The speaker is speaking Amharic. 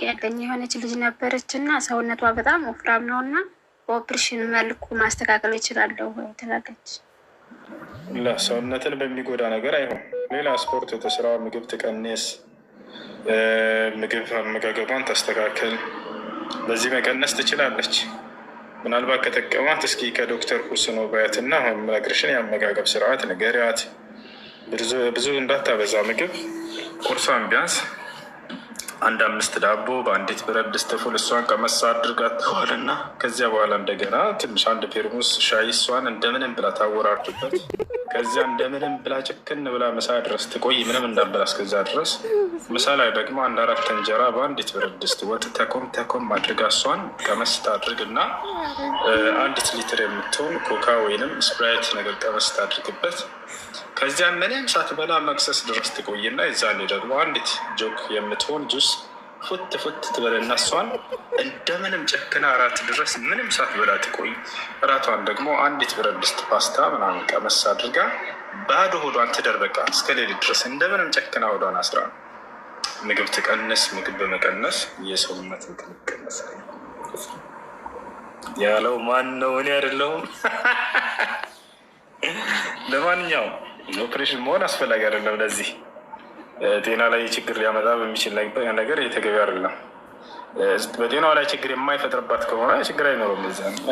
ጥያቄ የሆነች ልጅ ነበረች እና ሰውነቷ በጣም ወፍራም ነው እና በኦፕሬሽን መልኩ ማስተካከል ይችላለሁ ወይ ትላለች። ሰውነትን በሚጎዳ ነገር አይሆን። ሌላ ስፖርት የተስራ ምግብ ትቀንስ፣ ምግብ አመጋገቧን ታስተካከል። በዚህ መቀነስ ትችላለች። ምናልባት ከጠቀማት እስኪ ከዶክተር ሁስኖ ባያት እና አሁን የምነግርሽን የአመጋገብ ስርዓት ንገሪያት። ብዙ እንዳታበዛ ምግብ ቁርሷን ቢያንስ አንድ አምስት ዳቦ በአንዲት ብረት ድስት ፉል እሷን ቀመሳ አድርጋተዋልና ከዚያ በኋላ እንደገና ትንሽ አንድ ፌርሙስ ሻይ እሷን እንደምንም ብላ ታወራርዱበት። ከዚያ እንደምንም ብላ ጭክን ብላ ምሳ ድረስ ትቆይ ምንም እንዳበላ እስከዛ ድረስ ምሳ ላይ ደግሞ አንድ አራት እንጀራ በአንዲት ብረት ድስት ወጥ ተኮም ተኮም አድርጋ እሷን ቀመስት አድርግ እና አንዲት ሊትር የምትሆን ኮካ ወይንም ስፕራይት ነገር ቀመስት አድርግበት። ከዚያ ምንም ሳትበላ መክሰስ ድረስ ትቆይና የዛኔ ደግሞ አንዲት ጆክ የምትሆን ጁስ ፉት ፉት ትበለና እሷን እንደምንም ጨክና እራት ድረስ ምንም ሳትበላ ትቆይ። እራቷን ደግሞ አንዲት ብረት ድስት ፓስታ ምናምን ቀመስ አድርጋ ባዶ ሆዷን ትደርበቃ እስከ ሌሊት ድረስ እንደምንም ጨክና ሆዷን አስራ ምግብ ትቀንስ፣ ምግብ በመቀነስ የሰውነት ምግብ ይቀነስ ያለው ማን ነው? እኔ አይደለሁም። ለማንኛውም ኦፕሬሽን መሆን አስፈላጊ አይደለም ለዚህ ጤና ላይ ችግር ሊያመጣ በሚችል ነገር የተገቢ አይደለም። በጤናዋ ላይ ችግር የማይፈጥርባት ከሆነ ችግር አይኖርም። እዛ